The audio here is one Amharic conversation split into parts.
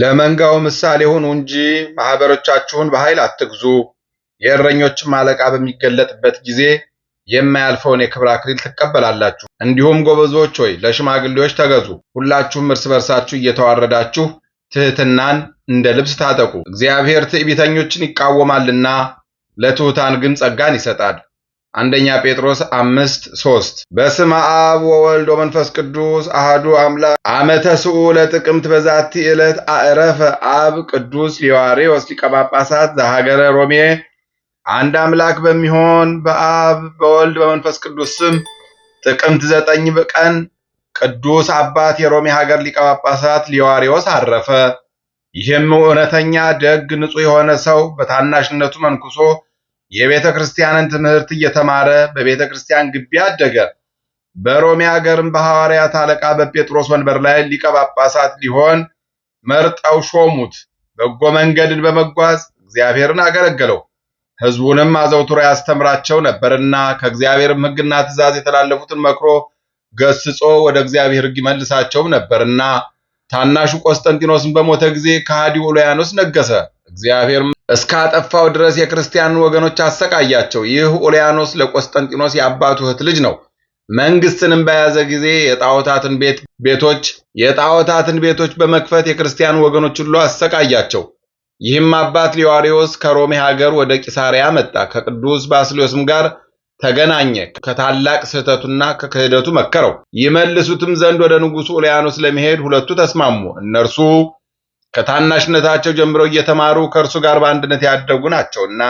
ለመንጋው ምሳሌ ሁኑ እንጂ ማህበሮቻችሁን በኃይል አትግዙ። የእረኞችም አለቃ በሚገለጥበት ጊዜ የማያልፈውን የክብር አክሊል ትቀበላላችሁ። እንዲሁም ጎበዞች ሆይ ለሽማግሌዎች ተገዙ። ሁላችሁም እርስ በርሳችሁ እየተዋረዳችሁ ትህትናን እንደ ልብስ ታጠቁ። እግዚአብሔር ትዕቢተኞችን ይቃወማልና ለትሑታን ግን ጸጋን ይሰጣል። አንደኛ ጴጥሮስ አምስት ሶስት በስመ አብ ወወልድ ወመንፈስ ቅዱስ አህዱ አምላክ አመተ ስዑ ለጥቅምት በዛቲ ዕለት አዕረፈ አብ ቅዱስ ሊዋርዮስ ሊቀ ጳጳሳት ዘሀገረ ሮሜ። አንድ አምላክ በሚሆን በአብ በወልድ በመንፈስ ቅዱስ ስም ጥቅምት ዘጠኝ ቀን ቅዱስ አባት የሮሜ ሀገር ሊቀ ጳጳሳት አረፈ። ይህም እውነተኛ ደግ ንጹሕ የሆነ ሰው በታናሽነቱ መንኩሶ የቤተ ክርስቲያንን ትምህርት እየተማረ በቤተ ክርስቲያን ግቢ አደገ። በሮሜ ሀገርም በሐዋርያት አለቃ በጴጥሮስ ወንበር ላይ ሊቀ ጳጳሳት ሊሆን መርጠው ሾሙት። በጎ መንገድን በመጓዝ እግዚአብሔርን አገለገለው። ሕዝቡንም አዘውትሮ ያስተምራቸው ነበርና ከእግዚአብሔርም ሕግና ትእዛዝ የተላለፉትን መክሮ ገስጾ ወደ እግዚአብሔር ሕግ ይመልሳቸው ነበርና ታናሹ ቆስጠንጢኖስን በሞተ ጊዜ ከሃዲው ኡልያኖስ ነገሰ። እግዚአብሔር እስካጠፋው ድረስ የክርስቲያን ወገኖች አሰቃያቸው። ይህ ኡልያኖስ ለቆስጠንጢኖስ የአባቱ እህት ልጅ ነው። መንግስትንም በያዘ ጊዜ የጣዖታትን ቤቶች የጣዖታትን ቤቶች በመክፈት የክርስቲያን ወገኖች ሁሉ አሰቃያቸው። ይህም አባት ሊዋሪዮስ ከሮሜ ሀገር ወደ ቂሳሪያ መጣ። ከቅዱስ ባስሊዮስም ጋር ተገናኘ። ከታላቅ ስህተቱና ከክህደቱ መከረው። ይመልሱትም ዘንድ ወደ ንጉሱ ኡልያኖስ ለመሄድ ሁለቱ ተስማሙ። እነርሱ ከታናሽነታቸው ጀምሮ እየተማሩ ከእርሱ ጋር በአንድነት ያደጉ ናቸውና።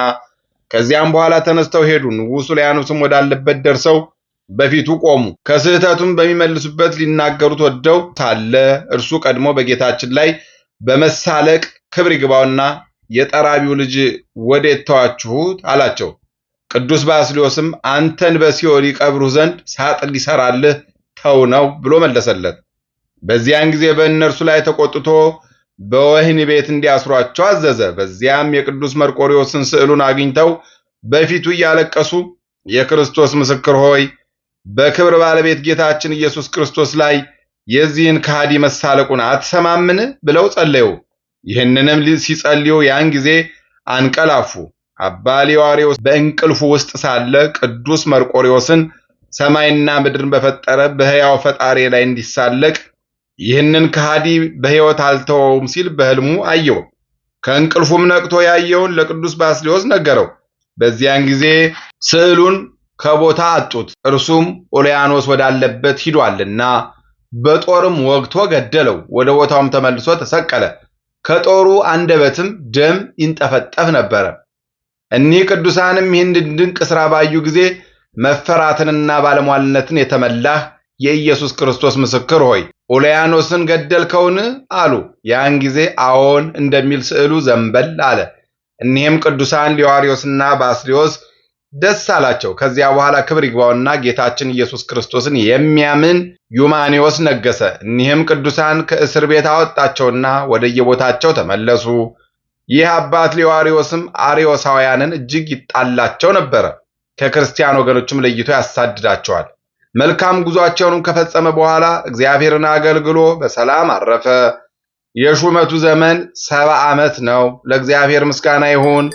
ከዚያም በኋላ ተነስተው ሄዱ። ንጉሡ ሊያኖስም ወዳለበት ደርሰው በፊቱ ቆሙ። ከስህተቱም በሚመልሱበት ሊናገሩት ወደው ሳለ እርሱ ቀድሞ በጌታችን ላይ በመሳለቅ ክብር ይግባውና የጠራቢው ልጅ ወዴት ተዋችሁት? አላቸው። ቅዱስ ባስሊዮስም አንተን በሲኦል ይቀብሩህ ዘንድ ሳጥን ሊሰራልህ ተው ነው ብሎ መለሰለት። በዚያን ጊዜ በእነርሱ ላይ ተቆጥቶ በወህኒ ቤት እንዲያስሯቸው አዘዘ። በዚያም የቅዱስ መርቆሪዎስን ስዕሉን አግኝተው በፊቱ እያለቀሱ የክርስቶስ ምስክር ሆይ በክብር ባለቤት ጌታችን ኢየሱስ ክርስቶስ ላይ የዚህን ከሃዲ መሳለቁን አትሰማምን ብለው ጸለዩ። ይህንንም ሲጸልዩ ያን ጊዜ አንቀላፉ። አባ ሊዋሪዎስ በእንቅልፉ ውስጥ ሳለ ቅዱስ መርቆሪዎስን ሰማይና ምድርን በፈጠረ በሕያው ፈጣሪ ላይ እንዲሳለቅ ይህንን ከሃዲ በሕይወት አልተወውም ሲል በሕልሙ አየው። ከእንቅልፉም ነቅቶ ያየውን ለቅዱስ ባስሊዮስ ነገረው። በዚያን ጊዜ ስዕሉን ከቦታ አጡት፣ እርሱም ኦልያኖስ ወዳለበት ሂዷልና በጦርም ወግቶ ገደለው። ወደ ቦታውም ተመልሶ ተሰቀለ። ከጦሩ አንደበትም ደም ይንጠፈጠፍ ነበረ። እኒህ ቅዱሳንም ይህን ድንቅ ሥራ ባዩ ጊዜ መፈራትንና ባለሟልነትን የተመላህ የኢየሱስ ክርስቶስ ምስክር ሆይ ኡልያኖስን ገደልከውን? አሉ። ያን ጊዜ አዎን እንደሚል ስዕሉ ዘንበል አለ። እኒህም ቅዱሳን ሊዋሪዮስና ባስሊዮስ ደስ አላቸው። ከዚያ በኋላ ክብር ይግባውና ጌታችን ኢየሱስ ክርስቶስን የሚያምን ዩማኒዎስ ነገሰ። እኒህም ቅዱሳን ከእስር ቤት አወጣቸውና ወደየቦታቸው ተመለሱ። ይህ አባት ሊዋሪዮስም አሪዮሳውያንን እጅግ ይጣላቸው ነበረ። ከክርስቲያን ወገኖችም ለይቶ ያሳድዳቸዋል። መልካም ጉዟቸውንም ከፈጸመ በኋላ እግዚአብሔርን አገልግሎ በሰላም አረፈ። የሹመቱ ዘመን ሰባ ዓመት ነው። ለእግዚአብሔር ምስጋና ይሁን፣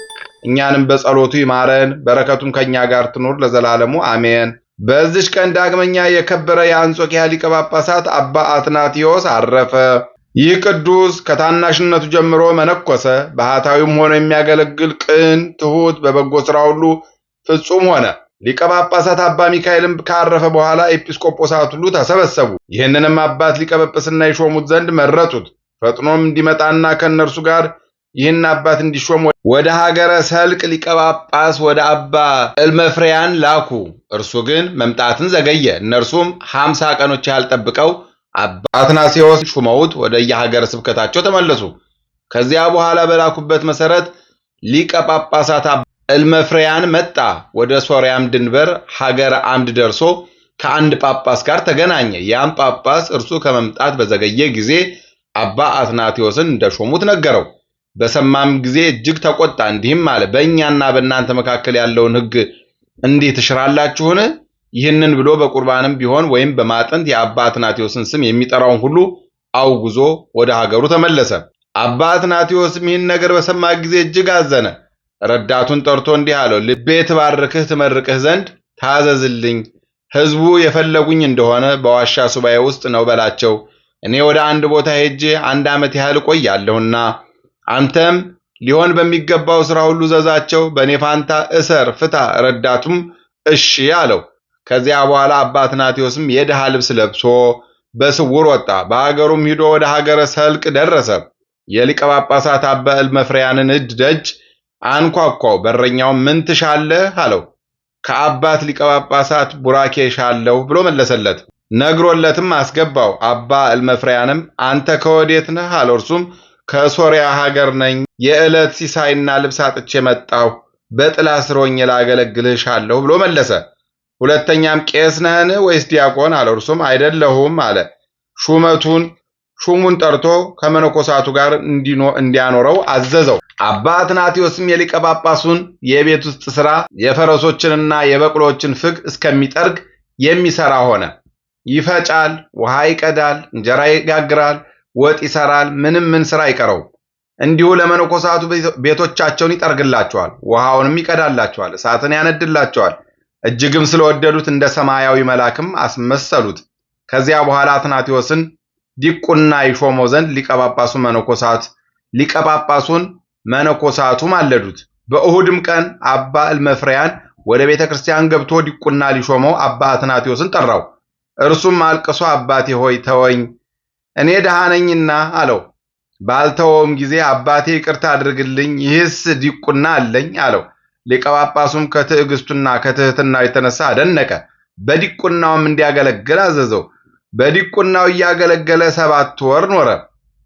እኛንም በጸሎቱ ይማረን፣ በረከቱም ከእኛ ጋር ትኑር ለዘላለሙ አሜን። በዚች ቀን ዳግመኛ የከበረ የአንጾኪያ ሊቀ ጳጳሳት አባ አትናቴዎስ አረፈ። ይህ ቅዱስ ከታናሽነቱ ጀምሮ መነኮሰ። ባህታዊም ሆኖ የሚያገለግል ቅን፣ ትሑት፣ በበጎ ሥራ ሁሉ ፍጹም ሆነ። ሊቀ ጳጳሳት አባ ሚካኤልም ካረፈ በኋላ ኤጲስቆጶሳት ሁሉ ተሰበሰቡ። ይህንንም አባት ሊቀ ጵጵስና ይሾሙት ዘንድ መረጡት። ፈጥኖም እንዲመጣና ከእነርሱ ጋር ይህን አባት እንዲሾም ወደ ሀገረ ሰልቅ ሊቀ ጳጳስ ወደ አባ እልመፍሬያን ላኩ። እርሱ ግን መምጣትን ዘገየ። እነርሱም ሀምሳ ቀኖች ያህል ጠብቀው አባ አትናሴዎስ ሹመውት ወደ የሀገረ ስብከታቸው ተመለሱ። ከዚያ በኋላ በላኩበት መሰረት ሊቀ ጳጳሳት እልመፍሬያን መጣ። ወደ ሶርያም ድንበር ሀገር አምድ ደርሶ ከአንድ ጳጳስ ጋር ተገናኘ። ያም ጳጳስ እርሱ ከመምጣት በዘገየ ጊዜ አባ አትናቴዎስን እንደሾሙት ነገረው። በሰማም ጊዜ እጅግ ተቆጣ፣ እንዲህም አለ፦ በእኛና በእናንተ መካከል ያለውን ሕግ እንዲህ ትሽራላችሁን? ይህንን ብሎ በቁርባንም ቢሆን ወይም በማጥንት የአባ አትናቴዎስን ስም የሚጠራውን ሁሉ አውግዞ ወደ ሀገሩ ተመለሰ። አባ አትናቴዎስም ይህን ነገር በሰማ ጊዜ እጅግ አዘነ። ረዳቱን ጠርቶ እንዲህ አለው፣ ልቤ ትባርክህ ትመርቅህ ዘንድ ታዘዝልኝ። ሕዝቡ የፈለጉኝ እንደሆነ በዋሻ ሱባኤ ውስጥ ነው በላቸው። እኔ ወደ አንድ ቦታ ሄጄ አንድ ዓመት ያህል እቆያለሁና አንተም ሊሆን በሚገባው ሥራ ሁሉ ዘዛቸው፣ በእኔ ፋንታ እሰር ፍታ። ረዳቱም እሺ አለው። ከዚያ በኋላ አባ ትናቴዎስም የድሃ ልብስ ለብሶ በስውር ወጣ። በሀገሩም ሂዶ ወደ ሀገረ ሰልቅ ደረሰ። የሊቀ ጳጳሳት አባ እልመፍሪያንን እጅ ደጅ አንኳኳው በረኛውም ምን ትሻለህ አለው ከአባት ሊቀ ጳጳሳት ቡራኬ ሻለሁ ብሎ መለሰለት ነግሮለትም አስገባው አባ እልመፍሪያንም አንተ ከወዴት ነህ አለው እርሱም ከሶርያ ሀገር ነኝ የዕለት ሲሳይና ልብስ አጥቼ መጣሁ በጥላ ስሮኝ ላገለግልህ ሻለሁ ብሎ መለሰ ሁለተኛም ቄስ ነህን ወይስ ዲያቆን አለው እርሱም አይደለሁም አለ ሹመቱን ሹሙን ጠርቶ ከመነኮሳቱ ጋር እንዲያኖረው አዘዘው። አባ አትናቴዎስም የሊቀ ጳጳሱን የቤት ውስጥ ሥራ የፈረሶችንና የበቅሎችን ፍግ እስከሚጠርግ የሚሠራ ሆነ። ይፈጫል፣ ውሃ ይቀዳል፣ እንጀራ ይጋግራል፣ ወጥ ይሠራል። ምንም ምን ሥራ አይቀረው። እንዲሁ ለመነኮሳቱ ቤቶቻቸውን ይጠርግላቸዋል፣ ውሃውንም ይቀዳላቸዋል፣ እሳትን ያነድላቸዋል። እጅግም ስለወደዱት እንደ ሰማያዊ መልአክም አስመሰሉት። ከዚያ በኋላ አትናቴዎስን ዲቁና ይሾመው ዘንድ ሊቀጳጳሱ መነኮሳት ሊቀጳጳሱን መነኮሳቱ ማለዱት። በእሁድም ቀን አባ እልመፍሪያን ወደ ቤተ ክርስቲያን ገብቶ ዲቁና ሊሾመው አባ አትናቴዎስን ጠራው። እርሱም አልቅሶ አባቴ ሆይ ተወኝ፣ እኔ ደሃ ነኝና አለው። ባልተወውም ጊዜ አባቴ ይቅርታ አድርግልኝ፣ ይህስ ዲቁና አለኝ አለው። ሊቀ ጳጳሱም ከትዕግስቱና ከትህትናው የተነሳ አደነቀ። በዲቁናውም እንዲያገለግል አዘዘው። በዲቁናው እያገለገለ ሰባት ወር ኖረ።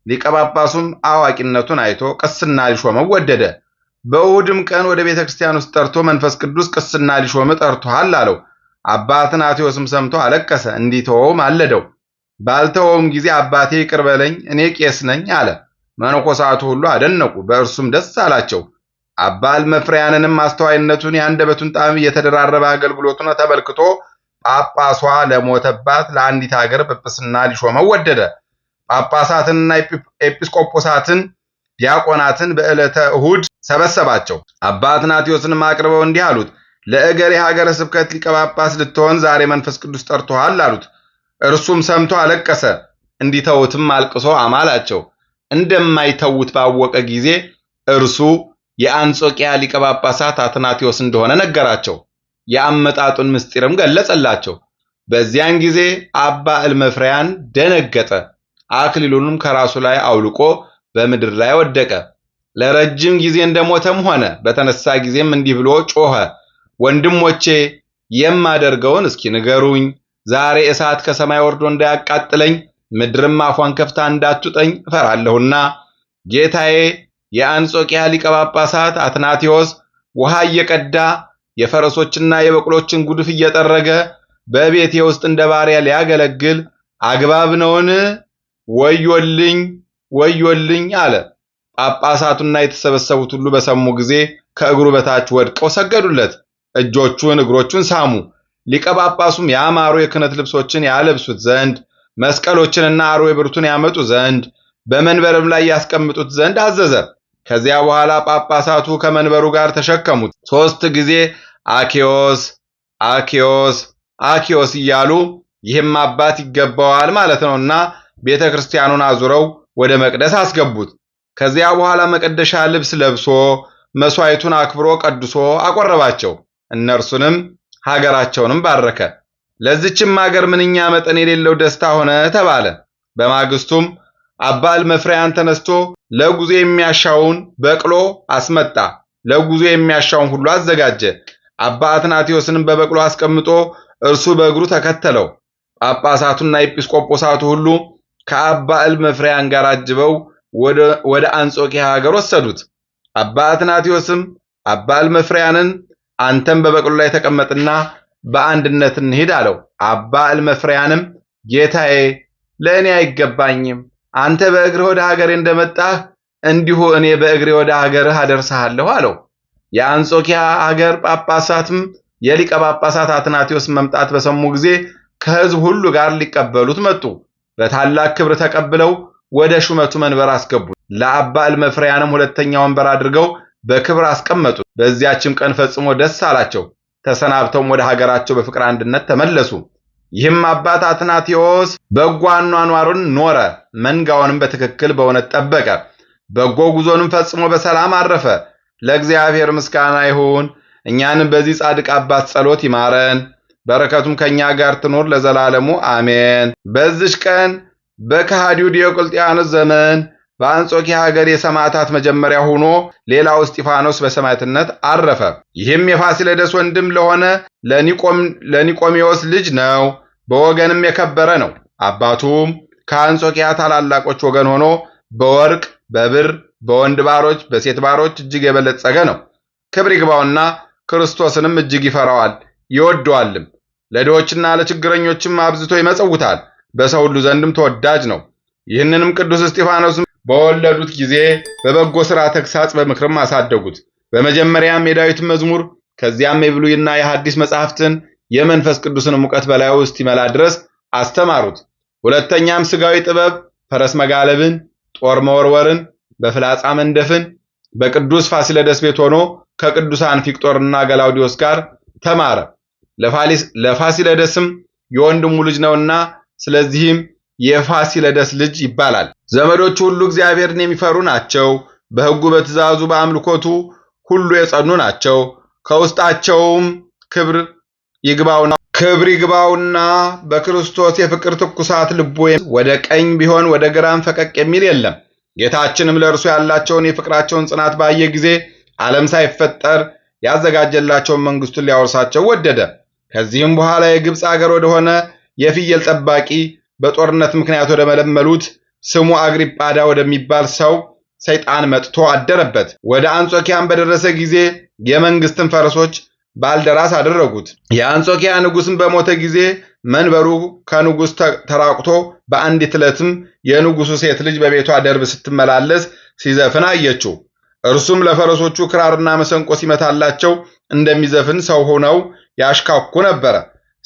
ሊቀ ጳጳሱም አዋቂነቱን አይቶ ቅስና ሊሾመው ወደደ። በእሁድም ቀን ወደ ቤተ ክርስቲያን ውስጥ ጠርቶ መንፈስ ቅዱስ ቅስና ሊሾም ጠርቶሃል አለው። አባ አትናቴዎስም ሰምቶ አለቀሰ፣ እንዲተወውም አለደው። ባልተወውም ጊዜ አባቴ ይቅር በለኝ እኔ ቄስ ነኝ አለ። መነኮሳቱ ሁሉ አደነቁ፣ በእርሱም ደስ አላቸው። አባ መፍሪያንንም አስተዋይነቱን፣ የአንደበቱን ጣዕም፣ የተደራረበ አገልግሎቱን ተመልክቶ ጳጳሷ ለሞተባት ለአንዲት ሀገር ጵጵስና ሊሾመው ወደደ። ጳጳሳትንና ኤጲስቆጶሳትን ዲያቆናትን በዕለተ እሁድ ሰበሰባቸው። አባ አትናቴዎስንም አቅርበው እንዲህ አሉት። ለእገር የሀገረ ስብከት ሊቀ ጳጳስ ልትሆን ዛሬ መንፈስ ቅዱስ ጠርቶሃል አሉት። እርሱም ሰምቶ አለቀሰ። እንዲተውትም አልቅሶ አማላቸው። እንደማይተውት ባወቀ ጊዜ እርሱ የአንጾቂያ ሊቀ ጳጳሳት አትናቴዎስ እንደሆነ ነገራቸው። የአመጣጡን ምስጢርም ገለጸላቸው። በዚያን ጊዜ አባ እልመፍሪያን ደነገጠ። አክሊሉንም ከራሱ ላይ አውልቆ በምድር ላይ ወደቀ። ለረጅም ጊዜ እንደሞተም ሆነ። በተነሳ ጊዜም እንዲህ ብሎ ጮኸ፣ ወንድሞቼ የማደርገውን እስኪ ንገሩኝ። ዛሬ እሳት ከሰማይ ወርዶ እንዳያቃጥለኝ ምድርም አፏን ከፍታ እንዳትውጠኝ እፈራለሁና ጌታዬ የአንጾቂያ ሊቀ ጳጳሳት አትናቴዎስ ውሃ እየቀዳ የፈረሶችና የበቅሎችን ጉድፍ እየጠረገ በቤቴ ውስጥ እንደ ባሪያ ሊያገለግል አግባብ ነውን? ወዮልኝ ወዮልኝ አለ። ጳጳሳቱና የተሰበሰቡት ሁሉ በሰሙ ጊዜ ከእግሩ በታች ወድቀው ሰገዱለት፣ እጆቹን እግሮቹን ሳሙ። ሊቀ ጳጳሱም ያማሩ የክህነት ልብሶችን ያለብሱት ዘንድ መስቀሎችንና አርዌ ብርቱን ያመጡ ዘንድ በመንበርም ላይ ያስቀምጡት ዘንድ አዘዘ። ከዚያ በኋላ ጳጳሳቱ ከመንበሩ ጋር ተሸከሙት ሦስት ጊዜ አኪዮስ አኪዮስ አኪዮስ እያሉ ይህም አባት ይገባዋል ማለት ነውና ቤተ ክርስቲያኑን አዙረው ወደ መቅደስ አስገቡት። ከዚያ በኋላ መቀደሻ ልብስ ለብሶ መስዋዕቱን አክብሮ ቀድሶ አቆረባቸው። እነርሱንም ሀገራቸውንም ባረከ። ለዚችም ሀገር ምንኛ መጠን የሌለው ደስታ ሆነ ተባለ። በማግስቱም አባ መፍሪያን ተነስቶ ለጉዞ የሚያሻውን በቅሎ አስመጣ። ለጉዞ የሚያሻውን ሁሉ አዘጋጀ። አባ አትናቴዎስንም በበቅሎ አስቀምጦ እርሱ በእግሩ ተከተለው። ጳጳሳቱና ኤጲስቆጶሳቱ ሁሉ ከአባ እልመፍሬያን ጋር አጅበው ወደ አንጾኪያ ሀገር ወሰዱት። አባ አትናቴዎስም አባ እልመፍሬያንን አንተም በበቅሎ ላይ ተቀመጥና በአንድነት እንሂድ አለው። አባ እልመፍሬያንም ጌታዬ፣ ለእኔ አይገባኝም። አንተ በእግርህ ወደ ሀገሬ እንደመጣህ እንዲሁ እኔ በእግሬ ወደ ሀገርህ አደርሰሃለሁ አለው። የአንጾኪያ አገር ጳጳሳትም የሊቀ ጳጳሳት አትናቴዎስ መምጣት በሰሙ ጊዜ ከሕዝብ ሁሉ ጋር ሊቀበሉት መጡ። በታላቅ ክብር ተቀብለው ወደ ሹመቱ መንበር አስገቡት። ለአባ መፍሪያንም ሁለተኛ ወንበር አድርገው በክብር አስቀመጡት። በዚያችም ቀን ፈጽሞ ደስ አላቸው። ተሰናብተውም ወደ ሀገራቸው በፍቅር አንድነት ተመለሱ። ይህም አባት አትናቴዎስ በጎ አኗኗሩን ኖረ። መንጋውንም በትክክል በእውነት ጠበቀ። በጎ ጉዞንም ፈጽሞ በሰላም አረፈ። ለእግዚአብሔር ምስጋና ይሁን። እኛንም በዚህ ጻድቅ አባት ጸሎት ይማረን፣ በረከቱም ከእኛ ጋር ትኖር ለዘላለሙ አሜን። በዚች ቀን በከሃዲው ዲዮቅልጥያኖስ ዘመን በአንጾኪያ ሀገር የሰማዕታት መጀመሪያ ሆኖ ሌላው እስጢፋኖስ በሰማዕትነት አረፈ። ይህም የፋሲለደስ ወንድም ለሆነ ለኒቆሚዎስ ልጅ ነው። በወገንም የከበረ ነው። አባቱም ከአንጾኪያ ታላላቆች ወገን ሆኖ በወርቅ በብር በወንድ ባሮች በሴት ባሮች እጅግ የበለጸገ ነው። ክብር ይግባውና ክርስቶስንም እጅግ ይፈራዋል ይወደዋልም። ለድሆችና ለችግረኞችም አብዝቶ ይመጸውታል፣ በሰው ሁሉ ዘንድም ተወዳጅ ነው። ይህንንም ቅዱስ እስጢፋኖስም በወለዱት ጊዜ በበጎ ሥራ ተግሳጽ በምክርም አሳደጉት። በመጀመሪያም የዳዊት መዝሙር ከዚያም የብሉይና የሐዲስ መጻሕፍትን የመንፈስ ቅዱስን ሙቀት በላዩ ይመላ ድረስ አስተማሩት። ሁለተኛም ሥጋዊ ጥበብ ፈረስ መጋለብን፣ ጦር መወርወርን በፍላጻ መንደፍን በቅዱስ ፋሲለደስ ቤት ሆኖ ከቅዱሳን ፊቅጦርና ገላውዲዮስ ጋር ተማረ። ለፋሲለደስም የወንድሙ ልጅ ነውና ስለዚህም የፋሲለደስ ልጅ ይባላል። ዘመዶቹ ሁሉ እግዚአብሔርን የሚፈሩ ናቸው። በሕጉ በትእዛዙ፣ በአምልኮቱ ሁሉ የጸኑ ናቸው። ከውስጣቸውም ክብር ይግባውና ክብር ይግባውና በክርስቶስ የፍቅር ትኩሳት ልቡ ወደ ቀኝ ቢሆን ወደ ግራም ፈቀቅ የሚል የለም። ጌታችንም ለእርሱ ያላቸውን የፍቅራቸውን ጽናት ባየ ጊዜ ዓለም ሳይፈጠር ያዘጋጀላቸውን መንግስቱን ሊያወርሳቸው ወደደ። ከዚህም በኋላ የግብፅ አገር ወደሆነ የፍየል ጠባቂ በጦርነት ምክንያት ወደ መለመሉት ስሙ አግሪጳዳ ወደሚባል ሰው ሰይጣን መጥቶ አደረበት። ወደ አንጾኪያን በደረሰ ጊዜ የመንግስትን ፈረሶች ባልደራስ አደረጉት። የአንጾኪያ ንጉስም በሞተ ጊዜ መንበሩ ከንጉሥ ተራቁቶ በአንዲት ዕለትም የንጉሡ ሴት ልጅ በቤቷ ደርብ ስትመላለስ ሲዘፍን አየችው። እርሱም ለፈረሶቹ ክራርና መሰንቆ ሲመታላቸው እንደሚዘፍን ሰው ሆነው ያሽካኩ ነበረ።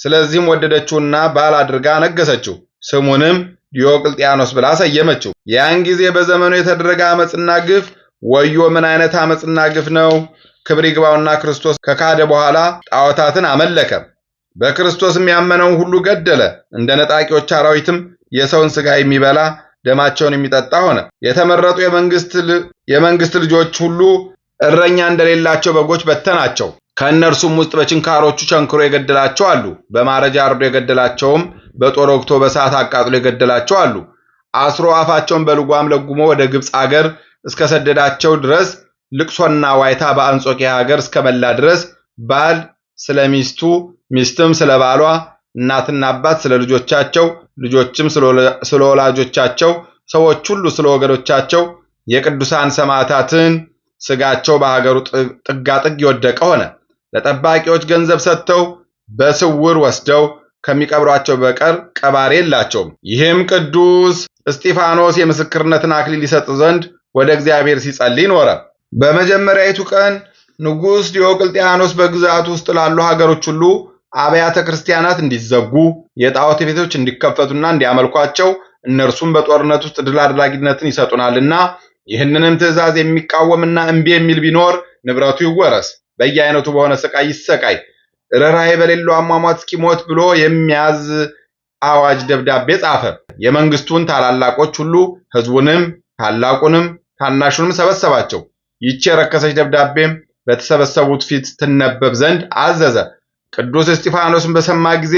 ስለዚህም ወደደችውና ባል አድርጋ ነገሰችው። ስሙንም ዲዮቅልጥያኖስ ብላ ሰየመችው። ያን ጊዜ በዘመኑ የተደረገ አመፅና ግፍ ወዮ! ምን አይነት አመፅና ግፍ ነው! ክብር ይግባውና ክርስቶስ ከካደ በኋላ ጣዖታትን አመለከ። በክርስቶስም ያመነውን ሁሉ ገደለ። እንደ ነጣቂዎች አራዊትም የሰውን ሥጋ የሚበላ ደማቸውን የሚጠጣ ሆነ። የተመረጡ የመንግሥት ልጆች ሁሉ እረኛ እንደሌላቸው በጎች በተናቸው። ከእነርሱም ውስጥ በችንካሮቹ ቸንክሮ የገደላቸው አሉ። በማረጃ አርዶ የገደላቸውም፣ በጦር ወግቶ በእሳት አቃጥሎ የገደላቸው አሉ። አስሮ አፋቸውን በልጓም ለጉሞ ወደ ግብፅ አገር እስከሰደዳቸው ድረስ ልቅሶና ዋይታ በአንጾኪያ ሀገር እስከመላ ድረስ ባል ስለሚስቱ። ሚስትም ስለ ባሏ፣ እናትና አባት ስለ ልጆቻቸው፣ ልጆችም ስለ ወላጆቻቸው፣ ሰዎች ሁሉ ስለ ወገኖቻቸው የቅዱሳን ሰማዕታትን ስጋቸው በሀገሩ ጥጋጥግ የወደቀ ሆነ። ለጠባቂዎች ገንዘብ ሰጥተው በስውር ወስደው ከሚቀብሯቸው በቀር ቀባሪ የላቸውም። ይህም ቅዱስ እስጢፋኖስ የምስክርነትን አክሊል ይሰጥ ዘንድ ወደ እግዚአብሔር ሲጸልይ ኖረ። በመጀመሪያይቱ ቀን ንጉሥ ዲዮቅልጥያኖስ በግዛቱ ውስጥ ላሉ ሀገሮች ሁሉ አብያተ ክርስቲያናት እንዲዘጉ፣ የጣዖት ቤቶች እንዲከፈቱና እንዲያመልኳቸው እነርሱም በጦርነት ውስጥ ድል አድራጊነትን ይሰጡናልና ይህንንም ትእዛዝ የሚቃወምና እምቢ የሚል ቢኖር ንብረቱ ይወረስ፣ በየአይነቱ በሆነ ስቃይ ይሰቃይ፣ ርኅራኄ በሌለው አሟሟት እስኪሞት ብሎ የሚያዝ አዋጅ ደብዳቤ ጻፈ። የመንግስቱን ታላላቆች ሁሉ ህዝቡንም ታላቁንም ታናሹንም ሰበሰባቸው። ይቺ የረከሰች ደብዳቤም በተሰበሰቡት ፊት ትነበብ ዘንድ አዘዘ። ቅዱስ እስጢፋኖስን በሰማ ጊዜ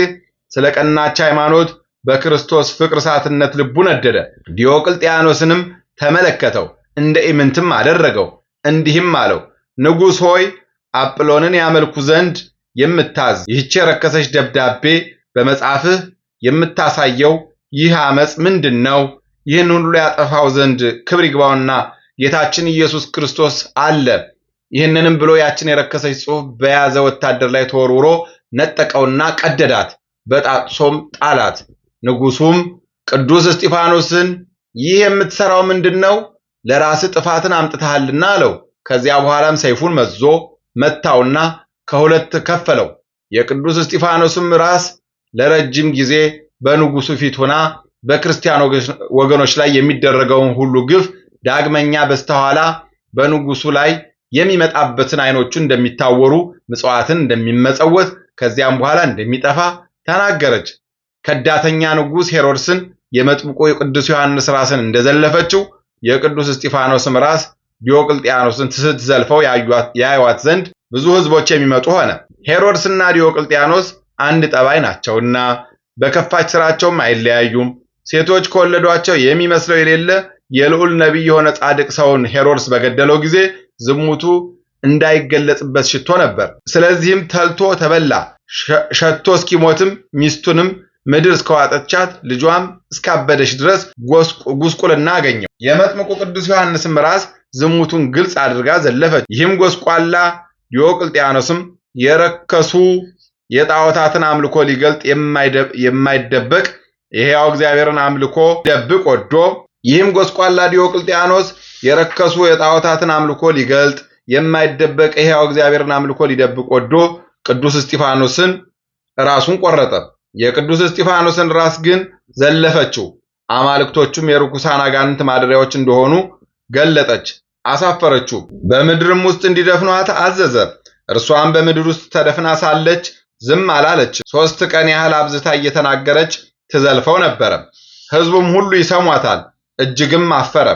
ስለ ቀናች ሃይማኖት በክርስቶስ ፍቅር እሳትነት ልቡ ነደደ። ዲዮቅልጥያኖስንም ተመለከተው፣ እንደ ኢምንትም አደረገው። እንዲህም አለው፣ ንጉሥ ሆይ አጵሎንን ያመልኩ ዘንድ የምታዝ ይህች የረከሰች ደብዳቤ በመጽሐፍህ የምታሳየው ይህ ዓመፅ ምንድን ነው? ይህን ሁሉ ያጠፋው ዘንድ ክብር ይግባውና ጌታችን ኢየሱስ ክርስቶስ አለ ይህንንም ብሎ ያችን የረከሰች ጽሑፍ በያዘ ወታደር ላይ ተወርውሮ ነጠቀውና ቀደዳት፣ በጣጥሶም ጣላት። ንጉሱም ቅዱስ እስጢፋኖስን ይህ የምትሰራው ምንድን ነው? ጥፋትን አምጥተሃልና አለው። ከዚያ በኋላም ሰይፉን መዞ መታውና ከሁለት ከፈለው። የቅዱስ እስጢፋኖስም ራስ ለረጅም ጊዜ በንጉሱ ፊት ሆና በክርስቲያን ወገኖች ላይ የሚደረገውን ሁሉ ግፍ ዳግመኛ በስተኋላ በንጉሱ ላይ የሚመጣበትን ዓይኖቹ እንደሚታወሩ ምጽዋትን እንደሚመጸወት ከዚያም በኋላ እንደሚጠፋ ተናገረች። ከዳተኛ ንጉሥ ሄሮድስን የመጥምቁ የቅዱስ ዮሐንስ ራስን እንደዘለፈችው የቅዱስ እስጢፋኖስም ራስ ዲዮቅልጥያኖስን ስትዘልፈው ያዩዋት ዘንድ ብዙ ሕዝቦች የሚመጡ ሆነ። ሄሮድስና ዲዮቅልጥያኖስ አንድ ጠባይ ናቸውና በከፋች ስራቸውም አይለያዩም። ሴቶች ከወለዷቸው የሚመስለው የሌለ የልዑል ነቢይ የሆነ ጻድቅ ሰውን ሄሮድስ በገደለው ጊዜ ዝሙቱ እንዳይገለጽበት ሽቶ ነበር። ስለዚህም ተልቶ ተበላ። ሸቶ እስኪሞትም ሚስቱንም ምድር እስከዋጠቻት ልጇም እስካበደች ድረስ ጉስቁልና አገኘው። የመጥምቁ ቅዱስ ዮሐንስም ራስ ዝሙቱን ግልጽ አድርጋ ዘለፈች። ይህም ጎስቋላ ዲዮቅልጥያኖስም የረከሱ የጣዖታትን አምልኮ ሊገልጥ የማይደበቅ የሕያው እግዚአብሔርን አምልኮ ደብቅ ወዶ ይህም ጎስቋላ ዲዮቅልጥያኖስ የረከሱ የጣዖታትን አምልኮ ሊገልጥ የማይደበቅ የሕያው እግዚአብሔርን አምልኮ ሊደብቅ ወዶ ቅዱስ እስጢፋኖስን ራሱን ቆረጠ። የቅዱስ እስጢፋኖስን ራስ ግን ዘለፈችው። አማልክቶቹም የርኩሳን አጋንንት ማደሪያዎች እንደሆኑ ገለጠች፣ አሳፈረችው። በምድርም ውስጥ እንዲደፍኗት አዘዘ። እርሷም በምድር ውስጥ ተደፍና ሳለች ዝም አላለች። ሦስት ቀን ያህል አብዝታ እየተናገረች ትዘልፈው ነበረ። ሕዝቡም ሁሉ ይሰሟታል፣ እጅግም አፈረ።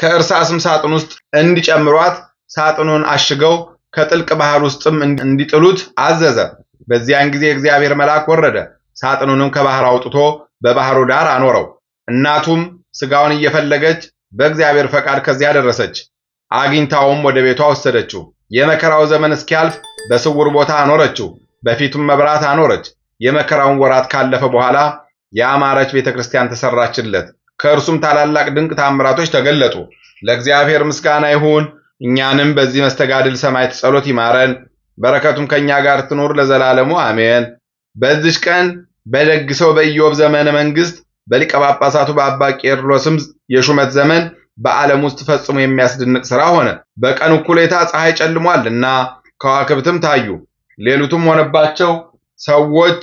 ከእርሳስም ሳጥን ውስጥ እንዲጨምሯት ሳጥኑን አሽገው ከጥልቅ ባህር ውስጥም እንዲጥሉት አዘዘ። በዚያን ጊዜ እግዚአብሔር መልአክ ወረደ፣ ሳጥኑንም ከባህር አውጥቶ በባህሩ ዳር አኖረው። እናቱም ስጋውን እየፈለገች በእግዚአብሔር ፈቃድ ከዚያ ደረሰች። አግኝታውም ወደ ቤቷ ወሰደችው። የመከራው ዘመን እስኪያልፍ በስውር ቦታ አኖረችው። በፊቱም መብራት አኖረች። የመከራውን ወራት ካለፈ በኋላ የአማረች ቤተ ክርስቲያን ተሰራችለት። ከእርሱም ታላላቅ ድንቅ ታምራቶች ተገለጡ። ለእግዚአብሔር ምስጋና ይሁን። እኛንም በዚህ መስተጋድል ሰማዕት ጸሎት ይማረን፣ በረከቱም ከእኛ ጋር ትኖር ለዘላለሙ አሜን። በዚች ቀን በደግ ሰው በኢዮብ ዘመነ መንግስት በሊቀ ጳጳሳቱ በአባ ቄርሎስም የሹመት ዘመን በዓለም ውስጥ ፈጽሞ የሚያስደንቅ ሥራ ሆነ። በቀን እኩሌታ ፀሐይ ጨልሟልና ከዋክብትም ታዩ። ሌሊቱም ሆነባቸው፣ ሰዎች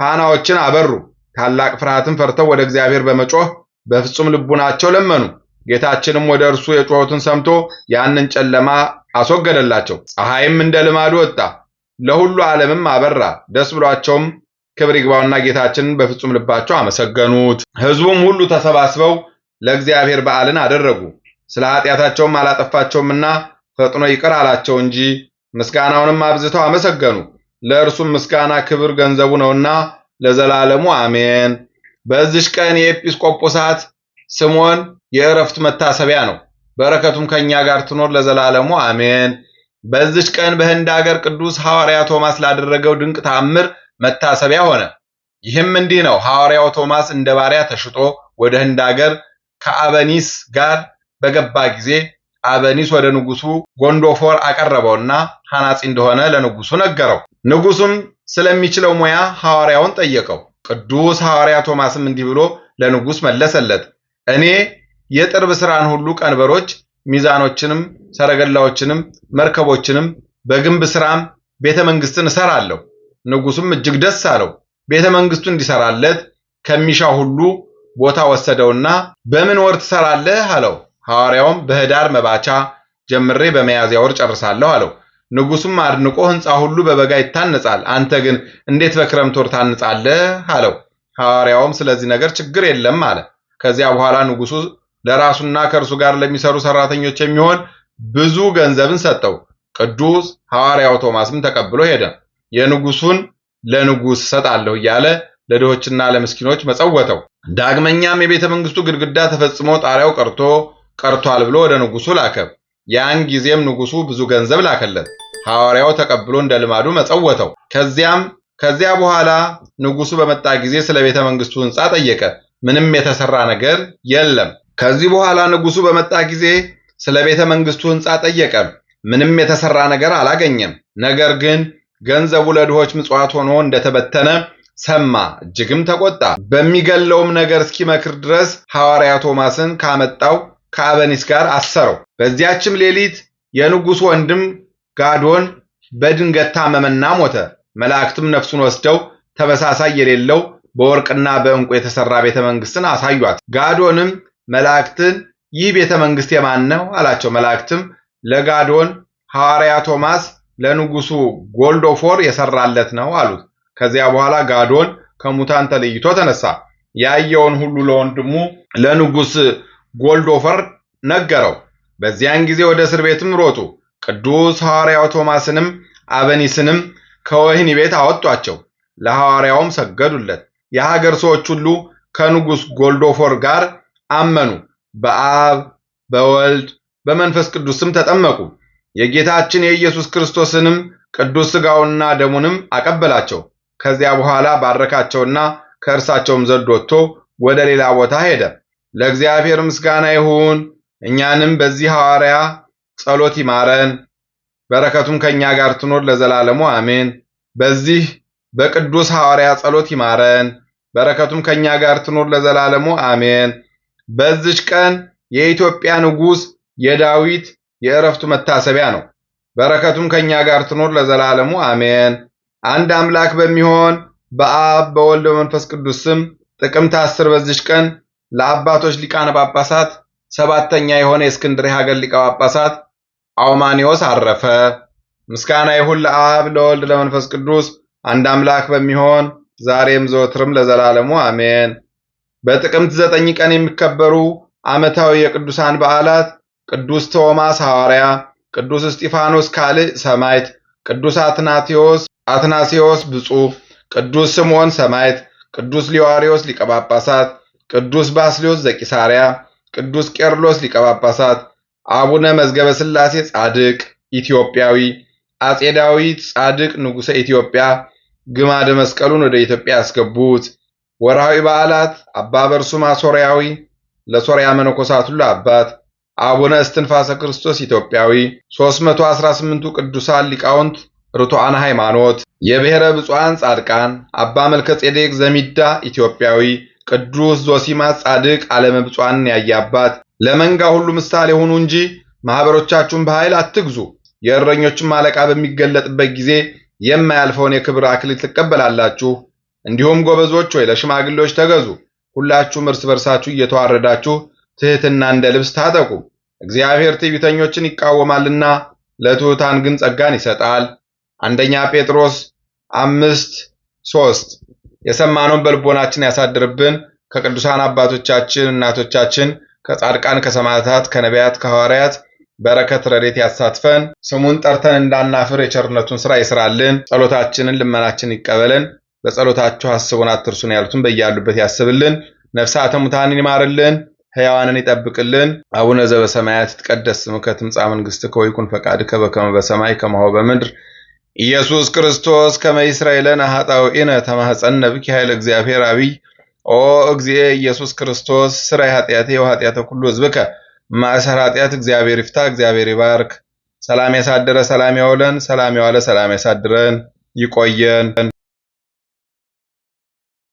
ፋናዎችን አበሩ። ታላቅ ፍርሃትም ፈርተው ወደ እግዚአብሔር በመጮህ በፍጹም ልቡናቸው ለመኑ። ጌታችንም ወደ እርሱ የጮሁትን ሰምቶ ያንን ጨለማ አስወገደላቸው። ፀሐይም እንደ ልማዱ ወጣ፣ ለሁሉ ዓለምም አበራ። ደስ ብሏቸውም ክብር ይግባውና ጌታችንን በፍጹም ልባቸው አመሰገኑት። ሕዝቡም ሁሉ ተሰባስበው ለእግዚአብሔር በዓልን አደረጉ። ስለ ኃጢአታቸውም አላጠፋቸውምና ፈጥኖ ይቅር አላቸው እንጂ ምስጋናውንም አብዝተው አመሰገኑ። ለእርሱም ምስጋና ክብር ገንዘቡ ነውና ለዘላለሙ አሜን። በዚች ቀን የኤጲስቆጶሳት ስምዖን የእረፍት መታሰቢያ ነው። በረከቱም ከእኛ ጋር ትኖር ለዘላለሙ አሜን። በዚች ቀን በህንድ አገር ቅዱስ ሐዋርያ ቶማስ ላደረገው ድንቅ ታምር መታሰቢያ ሆነ። ይህም እንዲህ ነው። ሐዋርያው ቶማስ እንደ ባሪያ ተሽጦ ወደ ህንድ አገር ከአበኒስ ጋር በገባ ጊዜ አበኒስ ወደ ንጉሱ ጎንዶፎር አቀረበውና ሐናጺ እንደሆነ ለንጉሱ ነገረው። ንጉሱም ስለሚችለው ሙያ ሐዋርያውን ጠየቀው። ቅዱስ ሐዋርያ ቶማስም እንዲህ ብሎ ለንጉሥ መለሰለት፣ እኔ የጥርብ ሥራን ሁሉ ቀንበሮች፣ ሚዛኖችንም፣ ሰረገላዎችንም፣ መርከቦችንም በግንብ ሥራም ቤተ መንግሥትን እሠራለሁ። ንጉሡም እጅግ ደስ አለው። ቤተ መንግሥቱ እንዲሠራለት ከሚሻ ሁሉ ቦታ ወሰደውና በምን ወር ትሠራለህ አለው። ሐዋርያውም በኅዳር መባቻ ጀምሬ በሚያዝያ ወር ጨርሳለሁ አለው። ንጉሱም አድንቆ ሕንፃ ሁሉ በበጋ ይታነጻል፣ አንተ ግን እንዴት በክረምት ወር ታንጻለህ አለው። ሐዋርያውም ስለዚህ ነገር ችግር የለም አለ። ከዚያ በኋላ ንጉሱ ለራሱና ከእርሱ ጋር ለሚሰሩ ሰራተኞች የሚሆን ብዙ ገንዘብን ሰጠው። ቅዱስ ሐዋርያው ቶማስም ተቀብሎ ሄደ። የንጉሱን ለንጉስ እሰጣለሁ እያለ ለድሆችና ለምስኪኖች መጸወተው። ዳግመኛም የቤተ መንግስቱ ግድግዳ ተፈጽሞ ጣሪያው ቀርቶ ቀርቷል ብሎ ወደ ንጉሱ ላከ። ያን ጊዜም ንጉሱ ብዙ ገንዘብ ላከለት። ሐዋርያው ተቀብሎ እንደ ልማዱ መጸወተው። ከዚያም ከዚያ በኋላ ንጉሱ በመጣ ጊዜ ስለ ቤተ መንግስቱ ሕንፃ ጠየቀ። ምንም የተሰራ ነገር የለም። ከዚህ በኋላ ንጉሱ በመጣ ጊዜ ስለ ቤተ መንግስቱ ህንፃ ጠየቀ። ምንም የተሰራ ነገር አላገኘም። ነገር ግን ገንዘቡ ለድሆች ምጽዋት ሆኖ እንደተበተነ ሰማ። እጅግም ተቆጣ። በሚገለውም ነገር እስኪመክር ድረስ ሐዋርያ ቶማስን ካመጣው ከአበኒስ ጋር አሰረው። በዚያችም ሌሊት የንጉሥ ወንድም ጋዶን በድንገት ታመመና ሞተ። መላእክትም ነፍሱን ወስደው ተመሳሳይ የሌለው በወርቅና በእንቁ የተሰራ ቤተ መንግስትን አሳዩአት። ጋዶንም መላእክትን ይህ ቤተ መንግስት የማን ነው አላቸው። መላእክትም ለጋዶን ሐዋርያ ቶማስ ለንጉሱ ጎልዶፎር የሰራለት ነው አሉት። ከዚያ በኋላ ጋዶን ከሙታን ተለይቶ ተነሳ። ያየውን ሁሉ ለወንድሙ ለንጉስ ጎልዶፈር ነገረው። በዚያን ጊዜ ወደ እስር ቤትም ሮጡ። ቅዱስ ሐዋርያው ቶማስንም አበኒስንም ከወህኒ ቤት አወጧቸው። ለሐዋርያውም ሰገዱለት። የሀገር ሰዎች ሁሉ ከንጉሥ ጎልዶፎር ጋር አመኑ። በአብ በወልድ በመንፈስ ቅዱስም ተጠመቁ። የጌታችን የኢየሱስ ክርስቶስንም ቅዱስ ስጋውንና ደሙንም አቀበላቸው። ከዚያ በኋላ ባረካቸውና ከእርሳቸውም ዘንድ ወጥቶ ወደ ሌላ ቦታ ሄደ። ለእግዚአብሔር ምስጋና ይሁን። እኛንም በዚህ ሐዋርያ ጸሎት ይማረን፣ በረከቱም ከእኛ ጋር ትኖር ለዘላለሙ አሜን። በዚህ በቅዱስ ሐዋርያ ጸሎት ይማረን፣ በረከቱም ከእኛ ጋር ትኖር ለዘላለሙ አሜን። በዚች ቀን የኢትዮጵያ ንጉሥ የዳዊት የእረፍቱ መታሰቢያ ነው። በረከቱም ከእኛ ጋር ትኖር ለዘላለሙ አሜን። አንድ አምላክ በሚሆን በአብ በወልድ በመንፈስ ቅዱስ ስም ጥቅምት አስር በዚች ቀን ለአባቶች ሊቃነ ጳጳሳት ሰባተኛ የሆነ የእስክንድርያ ሀገር ሊቀ ጳጳሳት አውማኒዎስ አረፈ። ምስጋና ይሁን ለአብ ለወልድ ለመንፈስ ቅዱስ አንድ አምላክ በሚሆን ዛሬም ዘወትርም ለዘላለሙ አሜን። በጥቅምት ዘጠኝ ቀን የሚከበሩ ዓመታዊ የቅዱሳን በዓላት ቅዱስ ቶማስ ሐዋርያ፣ ቅዱስ እስጢፋኖስ ካልዕ ሰማዕት፣ ቅዱስ አትናቴዎስ አትናሲዎስ ብፁዕ፣ ቅዱስ ስምዖን ሰማዕት፣ ቅዱስ ሊዋሪዎስ ሊቀ ጳጳሳት ቅዱስ ባስልዮስ ዘቂሳርያ፣ ቅዱስ ቄርሎስ ሊቀ ጳጳሳት፣ አቡነ መዝገበ ሥላሴ ጻድቅ ኢትዮጵያዊ፣ አጼ ዳዊት ጻድቅ ንጉሠ ኢትዮጵያ ግማደ መስቀሉን ወደ ኢትዮጵያ ያስገቡት። ወርሃዊ በዓላት አባ በርሱማ ሶርያዊ ለሶርያ መነኮሳት ሁሉ አባት፣ አቡነ እስትንፋሰ ክርስቶስ ኢትዮጵያዊ፣ 318ቱ ቅዱሳን ሊቃውንት ርቱዓነ ሃይማኖት፣ የብሔረ ብፁዓን ጻድቃን፣ አባ መልከ ጼዴቅ ዘሚዳ ኢትዮጵያዊ ቅዱስ ዞሲማ ጻድቅ ዓለመ ያያባት! ለመንጋ ሁሉ ምሳሌ የሆኑ እንጂ ማህበሮቻችሁን በኃይል አትግዙ። የእረኞችም አለቃ በሚገለጥበት ጊዜ የማያልፈውን የክብር አክሊል ትቀበላላችሁ። እንዲሁም ጎበዞች ወይ ለሽማግሌዎች ተገዙ። ሁላችሁም እርስ በርሳችሁ እየተዋረዳችሁ ትህትና እንደ ልብስ ታጠቁ። እግዚአብሔር ትዕቢተኞችን ይቃወማልና ለትሑታን ግን ጸጋን ይሰጣል። አንደኛ ጴጥሮስ አምስት ሶስት የሰማነውን በልቦናችን ያሳድርብን። ከቅዱሳን አባቶቻችን እናቶቻችን፣ ከጻድቃን፣ ከሰማዕታት፣ ከነቢያት፣ ከሐዋርያት በረከት ረዴት ያሳትፈን። ስሙን ጠርተን እንዳናፍር የቸርነቱን ስራ ይስራልን። ጸሎታችንን ልመናችን ይቀበለን በጸሎታችሁ አስቡን አትርሱን ያሉትን በያሉበት ያስብልን። ነፍሳተ ሙታንን ይማርልን፣ ሕያዋንን ይጠብቅልን። አቡነ ዘበሰማያት ይትቀደስ ስምከ ትምጻእ መንግሥትከ ወይኩን ፈቃድከ በከመ በሰማይ ከማሁ በምድር ኢየሱስ ክርስቶስ ከመ ይስራኤለነ ኃጣውኢነ ተማኅፀነ ብኪ ኃይለ እግዚአብሔር አብይ ኦ እግዚእ ኢየሱስ ክርስቶስ ስራይ ኃጢአቴ ወኃጢአተ ኩሉ ሕዝብከ ማእሰር ኃጢአት እግዚአብሔር ይፍታ፣ እግዚአብሔር ይባርክ። ሰላም ያሳደረ ሰላም ያውለን፣ ሰላም ያዋለ፣ ሰላም ያሳድረን፣ ይቆየን።